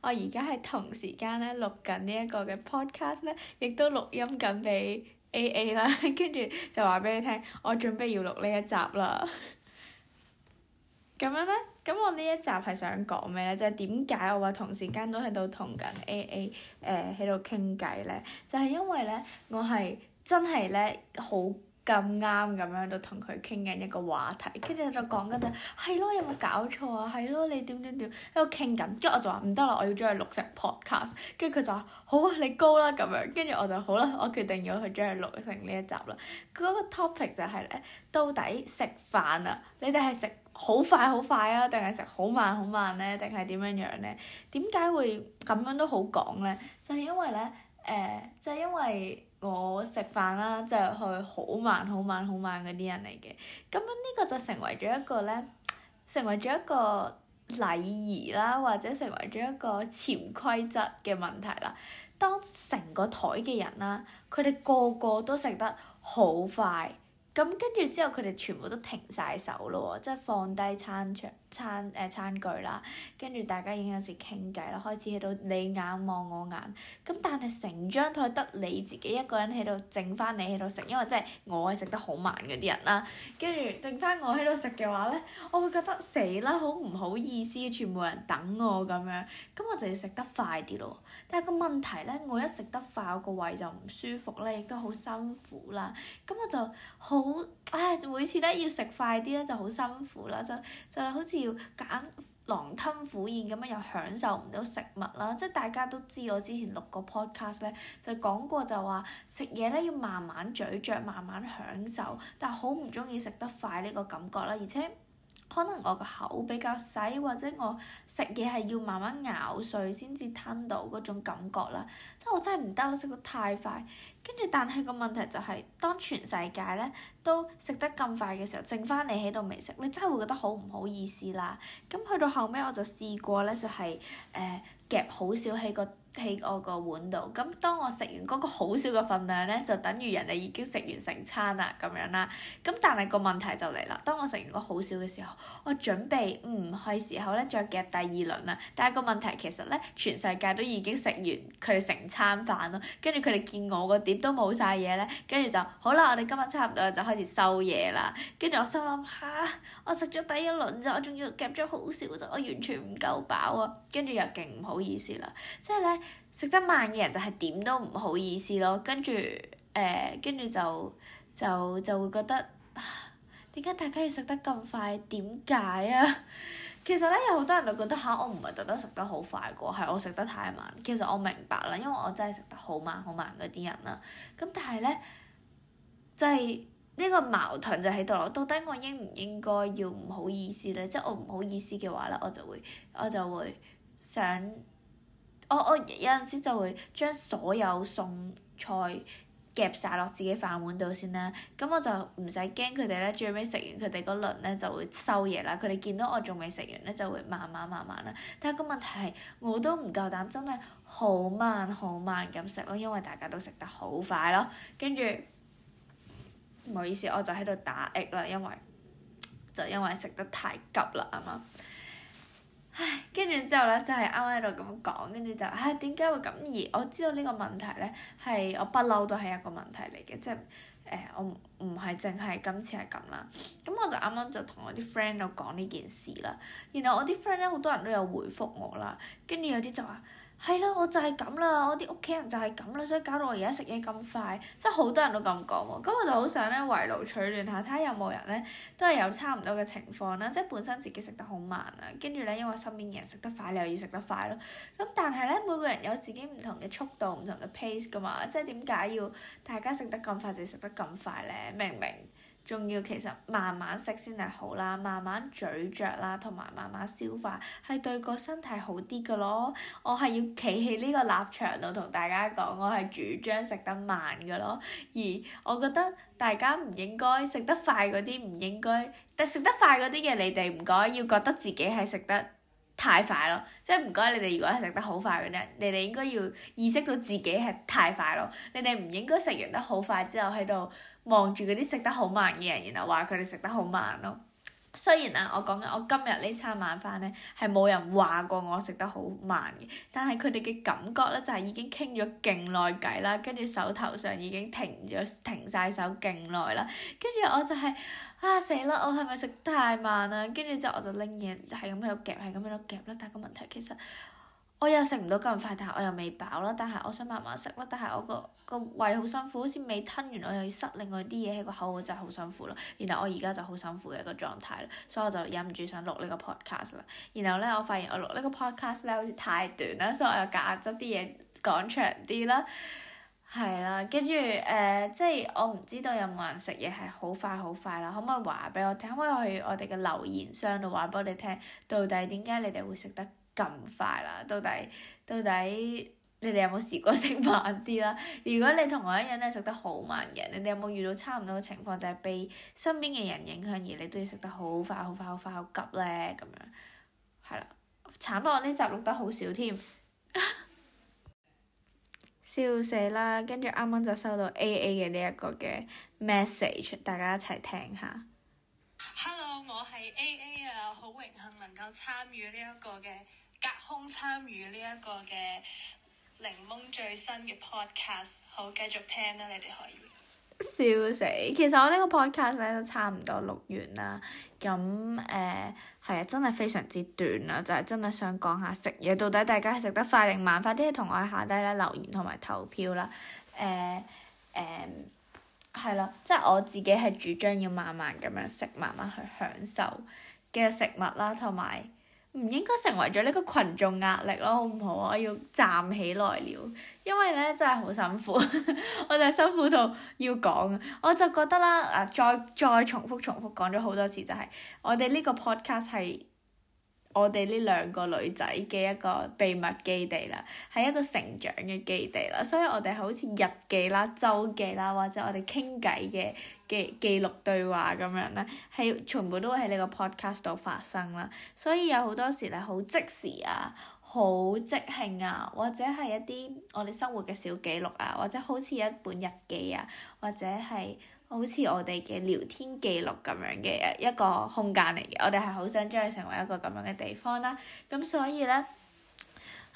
我而家係同時間咧錄緊呢一個嘅 podcast 咧，亦都錄音緊俾 A A 啦，跟 住就話俾你聽，我準備要錄呢一集啦。咁 樣咧，咁我呢一集係想講咩咧？就係點解我話同時間都喺度同緊 A A 誒喺度傾偈咧？就係、是、因為咧，我係真係咧好。咁啱咁樣就同佢傾緊一個話題，跟住就講緊就係咯，有冇搞錯啊？係咯，你點點點喺度傾緊，跟住我就話唔得啦，我要將佢錄成 podcast，跟住佢就話好啊，你高啦咁樣，跟住我就好啦，我決定要去將佢錄成呢一集啦。嗰個 topic 就係咧，到底食飯啊，你哋係食好快好快啊，定係食好慢好慢咧，定係點樣樣咧？點解會咁樣都好講咧？就係因為咧，誒、呃，就係因為。我食飯啦，就係去好慢、好慢、好慢嗰啲人嚟嘅。咁樣呢個就成為咗一個咧，成為咗一個禮儀啦，或者成為咗一個潛規則嘅問題啦。當成個台嘅人啦，佢哋個個都食得好快，咁跟住之後佢哋全部都停晒手咯喎，即係放低餐桌餐誒、呃、餐具啦，跟住大家已經有時傾偈啦，開始喺度你眼望我眼，咁但係成張台得你自己一個人喺度，剩翻你喺度食，因為即係我係食得好慢嗰啲人啦。跟住剩翻我喺度食嘅話呢，我會覺得死啦，好唔好意思，全部人等我咁樣，咁我就要食得快啲咯。但係個問題呢，我一食得快，我個胃就唔舒服咧，亦都好辛苦啦。咁我就好。唉、哎，每次咧要食快啲咧就，就，就好辛苦啦，就就係好似要揀狼吞虎咽咁樣，又享受唔到食物啦。即係大家都知我之前錄過 podcast 咧，就講過就話食嘢咧要慢慢咀嚼，慢慢享受，但係好唔中意食得快呢個感覺啦，而且。可能我個口比較細，或者我食嘢係要慢慢咬碎先至吞到嗰種感覺啦。即係我真係唔得啦，食得太快。跟住，但係個問題就係、是，當全世界咧都食得咁快嘅時候，剩翻你喺度未食，你真係會覺得好唔好意思啦。咁去到後尾，我就試過咧，就係、是、誒、呃、夾好少喺個喺我個碗度，咁當我食完嗰個好少嘅份量呢，就等於人哋已經食完成餐啦咁樣啦。咁但係個問題就嚟啦，當我食完嗰好少嘅時候，我準備唔係、嗯、時候呢，再夾第二輪啦。但係個問題其實呢，全世界都已經食完佢哋成餐飯咯。跟住佢哋見我個碟都冇晒嘢呢，跟住就好啦。我哋今日差唔多就開始收嘢啦。跟住我心諗下、啊，我食咗第一輪咋，我仲要夾咗好少咋，我完全唔夠飽啊！跟住又勁唔好意思啦，即係呢。食得慢嘅人就係點都唔好意思咯，跟住誒，跟住、呃、就就就會覺得點解大家要食得咁快？點解啊？其實咧有好多人就覺得吓、啊，我唔係特登食得好快個，係我食得太慢。其實我明白啦，因為我真係食得好慢好慢嗰啲人啦。咁但係咧，就係、係、呢個矛盾就喺度咯。到底我應唔應該要唔好意思咧？即係我唔好意思嘅話咧，我就會我就會想。我我有陣時就會將所有餸菜夾晒落自己飯碗度先啦，咁我就唔使驚佢哋咧，最尾食完佢哋嗰輪咧就會收嘢啦。佢哋見到我仲未食完咧，就會慢慢慢慢啦。但係個問題係我都唔夠膽，真係好慢好慢咁食咯，因為大家都食得好快咯，跟住唔好意思，我就喺度打嗝啦，因為就因為食得太急啦啊嘛～唉，跟住之後咧，後就係啱啱喺度咁講，跟住就唉，點解會咁？而我知道呢個問題咧，係我不嬲都係一個問題嚟嘅，即係誒，我唔係淨係今次係咁啦。咁我就啱啱就同我啲 friend 就講呢件事啦。然後我啲 friend 咧好多人都有回覆我啦，跟住有啲就話。係咯，我就係咁啦，我啲屋企人就係咁啦，所以搞到我而家食嘢咁快，即係好多人都咁講喎。咁我就好想咧圍爐取暖下，睇下有冇人咧都係有差唔多嘅情況啦。即係本身自己食得好慢啊，跟住咧因為身邊嘅人食得快，你又要食得快咯。咁但係咧，每個人有自己唔同嘅速度、唔同嘅 pace 噶嘛。即係點解要大家食得咁快就食得咁快咧？明唔明？仲要其實慢慢食先係好啦，慢慢咀嚼啦，同埋慢慢消化係對個身體好啲嘅咯。我係要企喺呢個立場度同大家講，我係主張食得慢嘅咯。而我覺得大家唔應該食得快嗰啲，唔應該。但食得快嗰啲嘢，你哋唔該要覺得自己係食得太快咯。即係唔該你哋如果係食得好快嘅咧，你哋應該要意識到自己係太快咯。你哋唔應該食完得好快之後喺度。望住嗰啲食得好慢嘅人，然後話佢哋食得好慢咯。雖然啊，我講緊我今日呢餐晚飯呢，係冇人話過我食得好慢嘅，但係佢哋嘅感覺呢，就係、是、已經傾咗勁耐偈啦，跟住手頭上已經停咗停晒手勁耐啦，跟住我就係、是、啊死啦！我係咪食太慢啊？跟住之後我就拎嘢，係咁喺度夾，係咁喺度夾啦。但係個問題其實～我又食唔到咁快，但係我又未飽啦。但係我想慢慢食啦。但係我個個胃好辛苦，好似未吞完，我又要塞另外啲嘢喺個口，我真係好辛苦咯。然後我而家就好辛苦嘅一個狀態啦，所以我就忍唔住想錄呢個 podcast 啦。然後呢，我發現我錄呢個 podcast 咧，好似太短啦，所以我又揀咗啲嘢講長啲啦。係啦，跟住誒，即係我唔知道有冇人食嘢係好快好快啦，可唔可以話俾我聽？可，可以去我哋嘅留言箱度話俾我哋聽，到底點解你哋會食得咁快啦，到底到底你哋有冇試過食慢啲啦？如果你同我一樣咧，食得好慢嘅，你哋有冇遇到差唔多嘅情況，就係被身邊嘅人影響，而你都要食得好快、好快、好快、好急呢？咁樣？係啦，慘到我呢集錄得好少添，笑死啦！跟住啱啱就收到 A A 嘅呢一個嘅 message，大家一齊聽下。Hello，我係 A A 啊，好榮幸能夠參與呢一個嘅。隔空參與呢一個嘅檸檬最新嘅 podcast，好繼續聽啦，你哋可以。笑死！其實我個 cast, 呢個 podcast 都差唔多錄完啦，咁誒係啊，真係非常之短啦，就係、是、真係想講下食嘢到底大家係食得快定慢快，快啲同我下低咧留言同埋投票啦，誒、呃、誒，係、呃、啦，即係、就是、我自己係主張要慢慢咁樣食，慢慢去享受嘅食物啦，同埋。唔應該成為咗呢個群眾壓力咯，好唔好啊？我要站起來了，因為咧真係好辛苦， 我就辛苦到要講，我就覺得啦，啊再再重複重複講咗好多次就係，我哋呢個 podcast 係。我哋呢兩個女仔嘅一個秘密基地啦，係一個成長嘅基地啦，所以我哋好似日記啦、週記啦，或者我哋傾偈嘅記記錄對話咁樣咧，係全部都會喺呢個 podcast 度發生啦。所以有好多時咧，好即時啊，好即興啊，或者係一啲我哋生活嘅小記錄啊，或者好似一本日記啊，或者係。好似我哋嘅聊天記錄咁樣嘅一個空間嚟嘅，我哋係好想將佢成為一個咁樣嘅地方啦。咁所以呢，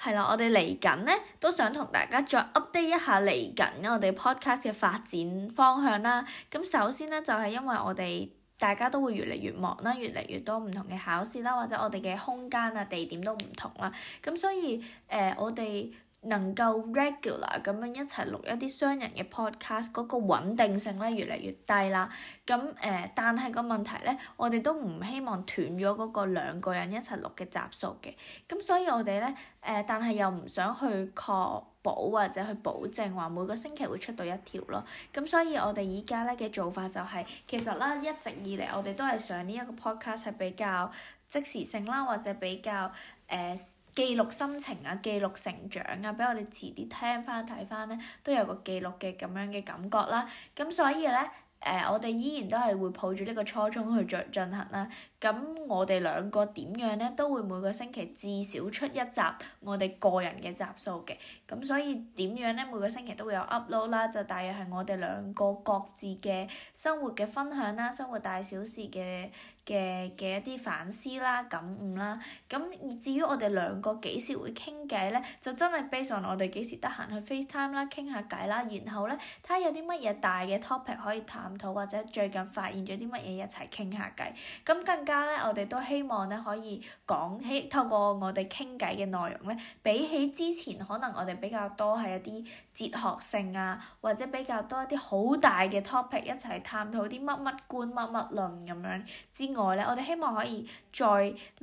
係啦，我哋嚟緊呢都想同大家再 update 一下嚟緊我哋 podcast 嘅發展方向啦。咁首先呢，就係因為我哋大家都會越嚟越忙啦，越嚟越多唔同嘅考試啦，或者我哋嘅空間啊地點都唔同啦。咁所以誒、呃，我哋。能夠 regular 咁樣一齊錄一啲雙人嘅 podcast，嗰個穩定性咧越嚟越低啦。咁誒、呃，但係個問題咧，我哋都唔希望斷咗嗰個兩個人一齊錄嘅集數嘅。咁所以我哋咧誒，但係又唔想去確保或者去保證話每個星期會出到一條咯。咁所以我哋依家咧嘅做法就係、是，其實啦一直以嚟我哋都係想呢一個 podcast 係比較即時性啦，或者比較誒。呃記錄心情啊，記錄成長啊，俾我哋遲啲聽返睇返呢，都有個記錄嘅咁樣嘅感覺啦。咁所以呢。誒，uh, 我哋依然都係會抱住呢個初衷去進進行啦。咁我哋兩個點樣呢？都會每個星期至少出一集我哋個人嘅集數嘅。咁所以點樣呢？每個星期都會有 upload 啦，就大約係我哋兩個各自嘅生活嘅分享啦，生活大小事嘅嘅嘅一啲反思啦、感悟啦。咁至於我哋兩個幾時會傾偈呢？就真係 based on 我哋幾時得閒去 FaceTime 啦，傾下偈啦。然後呢，睇下有啲乜嘢大嘅 topic 可以談。或者最近發現咗啲乜嘢一齊傾下偈。咁更加咧，我哋都希望咧可以講起透過我哋傾偈嘅內容咧，比起之前可能我哋比較多係一啲。哲學性啊，或者比較多一啲好大嘅 topic 一齊探討啲乜乜觀乜乜論咁樣之外呢，我哋希望可以再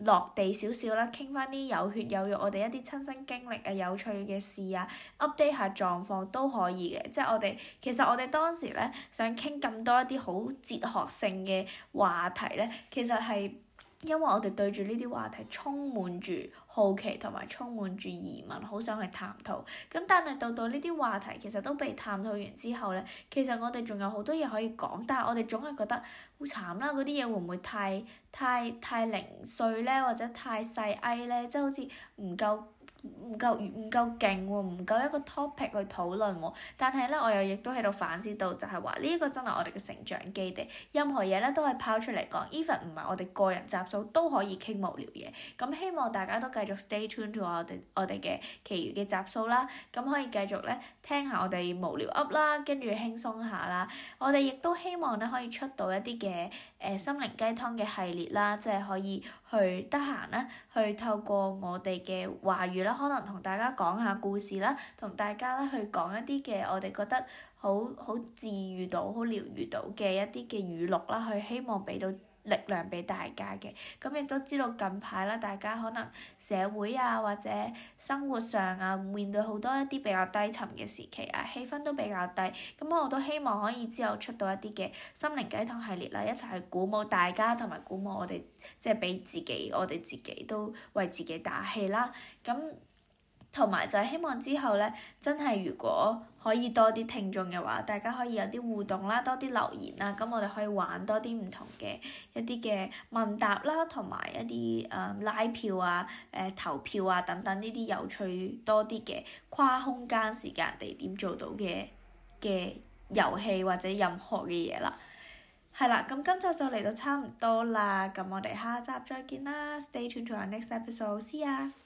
落地少少啦，傾翻啲有血有肉我哋一啲親身經歷啊、有趣嘅事啊、update 下狀況都可以嘅。即係我哋其實我哋當時呢，想傾咁多一啲好哲學性嘅話題呢，其實係。因為我哋對住呢啲話題充滿住好奇同埋充滿住疑問，好想去探討。咁但係到到呢啲話題，其實都被探討完之後咧，其實我哋仲有好多嘢可以講，但係我哋總係覺得好慘啦。嗰啲嘢會唔會太、太太零碎咧，或者太細翳咧？即係好似唔夠。唔夠唔夠勁喎，唔夠一個 topic 去討論喎。但係呢，我又亦都喺度反思到就，就係話呢個真係我哋嘅成長基地，任何嘢呢，都係拋出嚟講，even 唔係我哋個人集數都可以傾無聊嘢。咁希望大家都繼續 stay tuned to 我哋我哋嘅，其餘嘅集數啦。咁可以繼續呢，聽下我哋無聊噏啦，跟住輕鬆下啦。我哋亦都希望呢，可以出到一啲嘅誒心靈雞湯嘅系列啦，即係可以。去得閒咧，去透過我哋嘅話語啦，可能同大家講下故事啦，同大家啦去講一啲嘅我哋覺得好好治癒到、好療愈到嘅一啲嘅語錄啦，去希望俾到。力量俾大家嘅，咁亦都知道近排啦，大家可能社會啊或者生活上啊面對好多一啲比較低沉嘅時期啊，氣氛都比較低，咁我都希望可以之後出到一啲嘅心靈雞湯系列啦，一齊去鼓舞大家同埋鼓舞我哋，即係俾自己，我哋自己都為自己打氣啦，咁。同埋就係希望之後呢，真係如果可以多啲聽眾嘅話，大家可以有啲互動啦，多啲留言啦，咁我哋可以玩多啲唔同嘅一啲嘅問答啦，同埋一啲誒、嗯、拉票啊、誒、呃、投票啊等等呢啲有趣多啲嘅跨空間、時間、地點做到嘅嘅遊戲或者任何嘅嘢啦。係啦，咁今集就嚟到差唔多啦，咁我哋下集再見啦，Stay tuned to our next episode，see ya。